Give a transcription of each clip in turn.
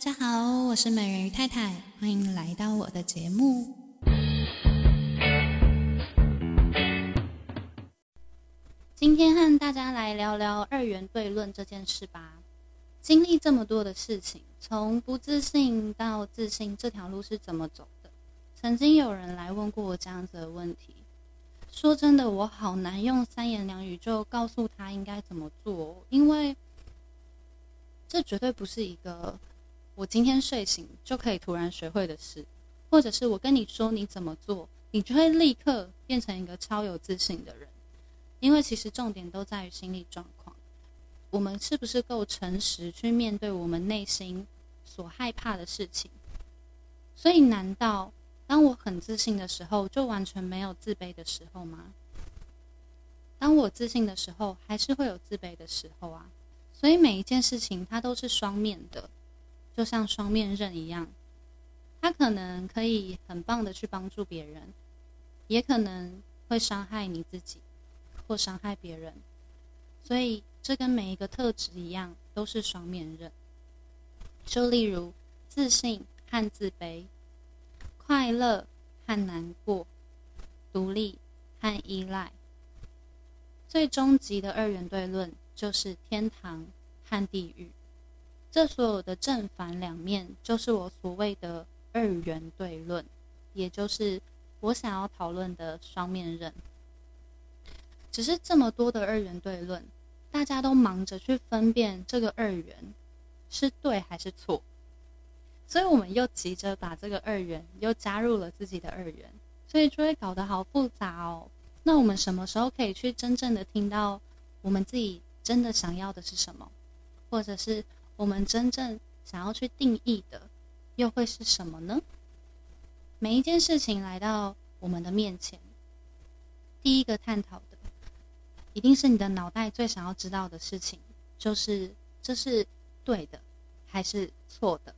大家好，我是美人魚太太，歡迎來到我的節目。今天和大家來聊聊二元對論這件事吧。經歷這麼多的事情，從不自信到自信這條路是怎麼走的？曾經有人來問過我這樣子的問題，說真的，我好難用三言兩語就告訴他應該怎麼做，因為這絕對不是一個我今天睡醒就可以突然學會的事，或者是我跟你說你怎麼做，你就會立刻變成一個超有自信的人。因為其實重點都在於心理狀況，我們是不是夠誠實去面對我們內心所害怕的事情？所以，難道當我很自信的時候，就完全沒有自卑的時候嗎？當我自信的時候，還是會有自卑的時候啊。所以每一件事情它都是雙面的。就像雙面刃一樣，它可能可以很棒的去幫助別人，也可能會傷害你自己或傷害別人。所以，這跟每一個特質一樣，都是雙面刃。就例如自信和自卑，快樂和難過，獨立和依賴。最終極的二元對論就是天堂和地獄。這所有的正反兩面，就是我所謂的二元對立，也就是我想要討論的雙面人。只是這麼多的二元對立，大家都忙着去分辨這個二元是對還是錯，所以我們又急着把這個二元又加入了自己的二元，所以就會搞得好複雜哦。那我們什麼時候可以去真正的聽到我們自己真的想要的是什麼，或者是？我們真正想要去定義的，又會是什麼呢？每一件事情來到我們的面前，第一個探討的，一定是你的腦袋最想要知道的事情，就是這是對的還是錯的。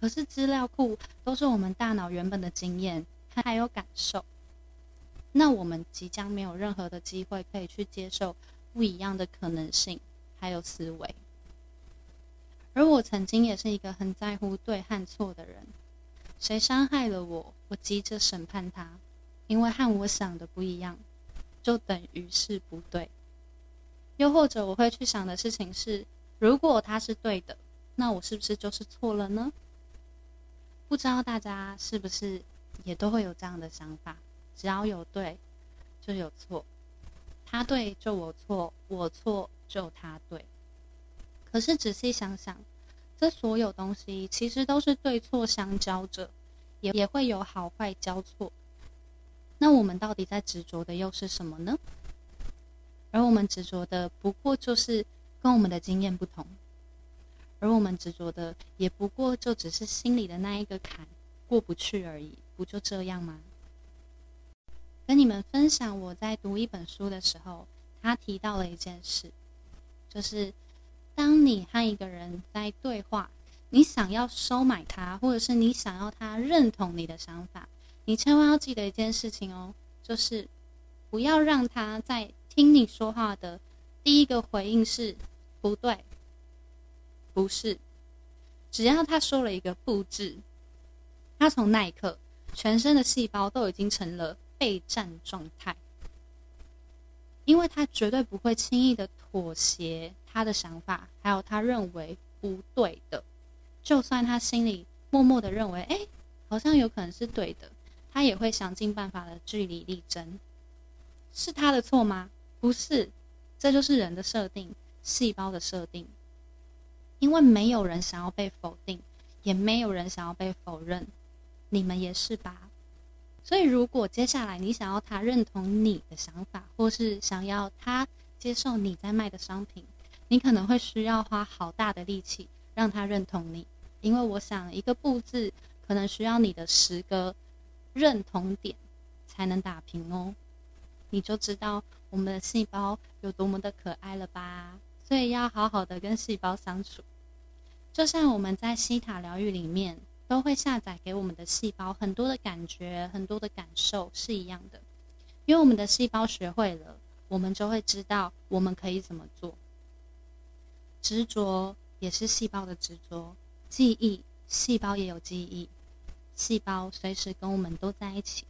可是資料庫都是我們大腦原本的經驗，它還有感受。那我們即將沒有任何的機會可以去接受不一樣的可能性，還有思維。而我曾經也是一個很在乎對和錯的人，誰傷害了我，我急着審判他，因為和我想的不一樣，就等於是不對。又或者我會去想的事情是，如果他是對的，那我是不是就是錯了呢？不知道大家是不是也都會有這樣的想法，只要有對，就有錯。他對就我錯，我錯就他對。可是仔細想想，這所有東西其實都是對錯相交着，也也會有好壞交錯。那我們到底在執着的又是什麼呢？而我們執着的不過就是跟我們的經驗不同，而我們執着的也不過就只是心裡的那一個坎，過不去而已，不就這樣嗎？跟你們分享，我在讀一本書的時候，他提到了一件事，就是。當你和一個人在對話，你想要收買他，或者是你想要他認同你的想法，你千萬要記得一件事情哦，就是不要讓他在聽你說話的第一個回應是不對，不是。只要他說了一個不字，他從那一刻全身的細胞都已經成了備戰狀態，因為他絕對不會輕易的妥協。他的想法，還有他認為不對的，就算他心裡默默的認為，哎、欸，好像有可能是對的，他也會想盡辦法的據理力爭。是他的錯嗎？不是，這就是人的設定，細胞的設定。因為沒有人想要被否定，也沒有人想要被否認，你們也是吧？所以，如果接下來你想要他認同你的想法，或是想要他接受你在賣的商品，你可能會需要花好大的力氣讓他認同你，因為我想一個不字可能需要你的十個認同點才能打平哦。你就知道我們的細胞有多麼的可愛了吧？所以要好好的跟細胞相處，就像我們在西塔療癒裡面都會下載給我們的細胞很多的感覺、很多的感受是一樣的。因為我們的細胞學會了，我們就會知道我們可以怎麼做。執着也是細胞的執着記憶，細胞也有記憶，細胞隨時跟我們都在一起。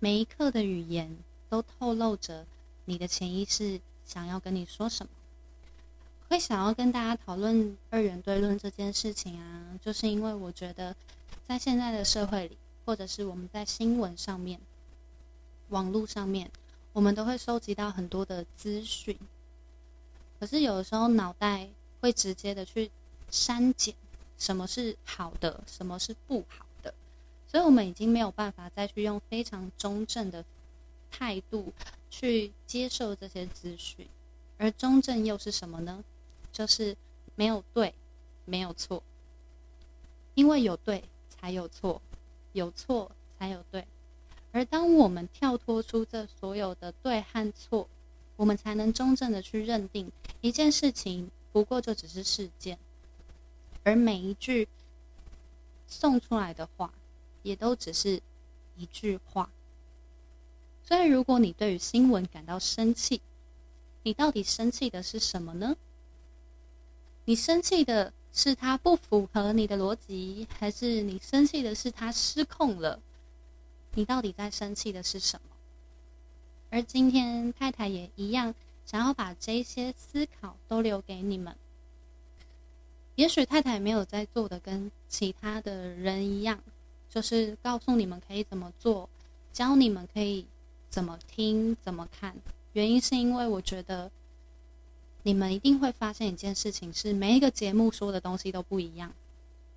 每一刻的語言都透露着你的潛意識想要跟你說什麼。會想要跟大家討論二元對論這件事情啊，就是因為我覺得在現在的社會裡，或者是我們在新聞上面、網絡上面，我們都會收集到很多的資訊。可是有的時候腦袋會直接的去刪減什麼是好的，什麼是不好的，所以我們已經沒有辦法再去用非常中正的態度去接受這些資訊。而中正又是什麼呢？就是沒有對，沒有錯。因為有對才有錯，有錯才有對。而當我們跳脫出這所有的對和錯，我們才能中正的去認定一件事情，不過就只是事件，而每一句送出來的話，也都只是一句話。所以，如果你對於新聞感到生氣，你到底生氣的是什麼呢？你生氣的是它不符合你的邏輯，還是你生氣的是它失控了？你到底在生氣的是什麼？而今天，太太也一樣，想要把這些思考都留給你們。也許太太沒有在做的，跟其他的人一樣，就是告訴你們可以怎麼做，教你們可以怎麼聽、怎麼看。原因是因為我覺得，你們一定會發現一件事情，是每一個節目說的東西都不一樣，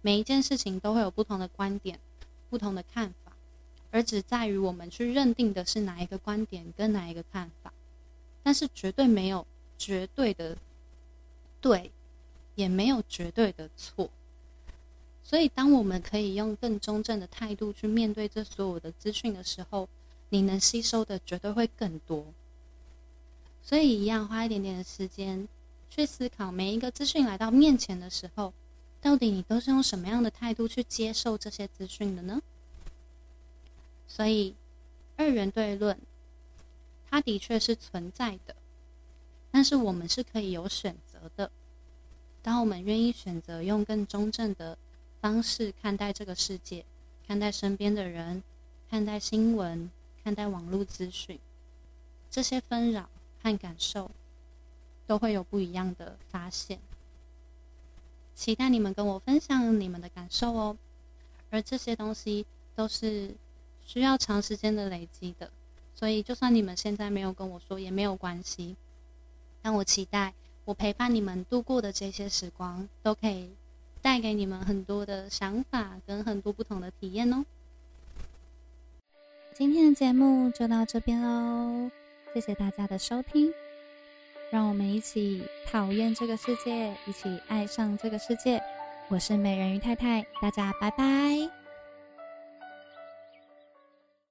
每一件事情都會有不同的觀點、不同的看法。而只在於我們去認定的是哪一個觀點跟哪一個看法，但是絕對沒有絕對的對，也沒有絕對的錯。所以，當我們可以用更中正的態度去面對這所有的資訊的時候，你能吸收的絕對會更多。所以，一樣花一點點的時間去思考，每一個資訊來到面前的時候，到底你都是用什麼樣的態度去接受這些資訊的呢？所以，二元對論，它的確是存在的，但是我們是可以有選擇的。當我們願意選擇用更中正的方式看待這個世界，看待身邊的人，看待新聞，看待網絡資訊，這些紛擾和感受，都會有不一樣的發現。期待你們跟我分享你們的感受哦。而這些東西都是。需要長時間的累積的，所以就算你們現在沒有跟我說也沒有關係。但我期待，我陪伴你們度過的這些時光，都可以帶給你們很多的想法跟很多不同的體驗哦。今天的節目就到這邊嘍，謝謝大家的收聽。讓我們一起討厭這個世界，一起愛上這個世界。我是美人魚太太，大家拜拜。